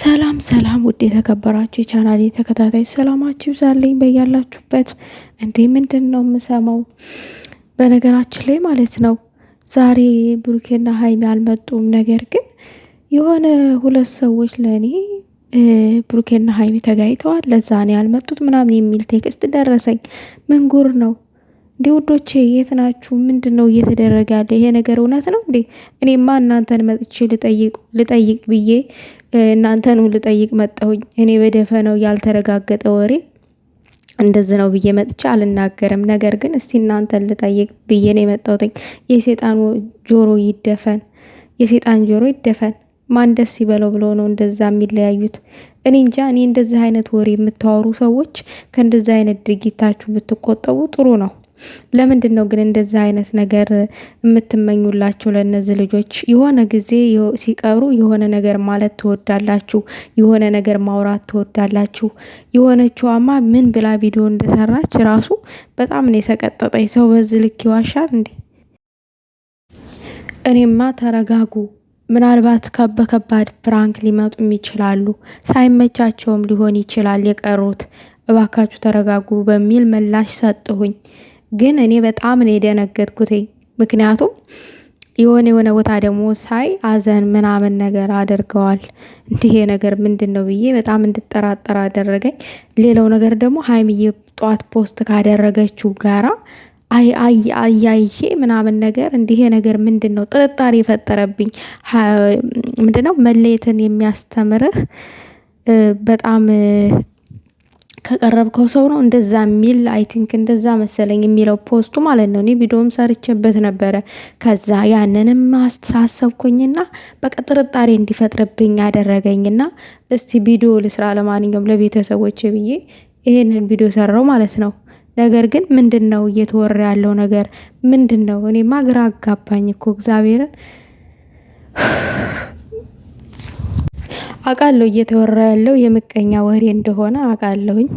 ሰላም ሰላም ውድ የተከበራችሁ የቻናል የተከታታይ ሰላማችሁ ይብዛልኝ በያላችሁበት። እንዴ ምንድን ነው የምሰማው? በነገራችን ላይ ማለት ነው ዛሬ ብሩኬና ሀይሚ አልመጡም። ነገር ግን የሆነ ሁለት ሰዎች ለእኔ ብሩኬና ሀይሚ ተጋይተዋል፣ ለዛ ነው ያልመጡት ምናምን የሚል ቴክስት ደረሰኝ። ምን ጉር ነው? እንዴ ውዶቼ የት ናችሁ? ምንድን ነው እየተደረገ ያለ? ይሄ ነገር እውነት ነው እንዴ? እኔማ እናንተን መጥቼ ልጠይቅ ብዬ እናንተን ልጠይቅ መጣሁኝ። እኔ በደፈነው ያልተረጋገጠ ወሬ እንደዚህ ነው ብዬ መጥቼ አልናገርም። ነገር ግን እስቲ እናንተን ልጠይቅ ብዬ ነው የመጣሁትኝ። የሴጣን ጆሮ ይደፈን፣ የሴጣን ጆሮ ይደፈን። ማን ደስ ይበለው ብሎ ነው እንደዛ የሚለያዩት? እኔ እንጃ። እኔ እንደዚህ አይነት ወሬ የምታወሩ ሰዎች ከእንደዚህ አይነት ድርጊታችሁ ብትቆጠቡ ጥሩ ነው። ለምንድን ነው ግን እንደዚህ አይነት ነገር የምትመኙላችሁ? ለእነዚህ ልጆች የሆነ ጊዜ ሲቀብሩ የሆነ ነገር ማለት ትወዳላችሁ፣ የሆነ ነገር ማውራት ትወዳላችሁ። የሆነችዋማ ምን ብላ ቪዲዮ እንደሰራች ራሱ በጣም ነው የሰቀጠጠኝ። ሰው በዚህ ልክ ይዋሻል እንዴ? እኔማ ተረጋጉ። ምናልባት ከበከባድ ፕራንክ ሊመጡም ይችላሉ። ሳይመቻቸውም ሊሆን ይችላል የቀሩት። እባካችሁ ተረጋጉ በሚል ምላሽ ሰጥሁኝ። ግን እኔ በጣም ነው የደነገጥኩትኝ። ምክንያቱም የሆነ የሆነ ቦታ ደግሞ ሳይ አዘን ምናምን ነገር አድርገዋል። እንዲህ ነገር ምንድን ነው ብዬ በጣም እንድጠራጠር አደረገኝ። ሌላው ነገር ደግሞ ሀይሚዬ ጧት ፖስት ካደረገችው ጋራ አያይሼ ምናምን ነገር እንዲህ ነገር ምንድን ነው ጥርጣሬ የፈጠረብኝ። ምንድነው ነው መለየትን የሚያስተምርህ በጣም ከቀረብከው ሰው ነው እንደዛ የሚል አይ ቲንክ እንደዛ መሰለኝ የሚለው ፖስቱ ማለት ነው። እኔ ቪዲዮም ሰርቼበት ነበረ። ከዛ ያንንም አሳሰብኩኝና በቃ ጥርጣሬ እንዲፈጥርብኝ አደረገኝና እስቲ ቪዲዮ ልስራ ለማንኛውም ለቤተሰቦች ብዬ ይሄንን ቪዲዮ ሰራው ማለት ነው። ነገር ግን ምንድን ነው እየተወራ ያለው ነገር ምንድን ነው? እኔማ ግራ አጋባኝ እኮ እግዚአብሔርን አቃለሁ እየተወራ ያለው የምቀኛ ወሬ እንደሆነ አቃለሁኝ።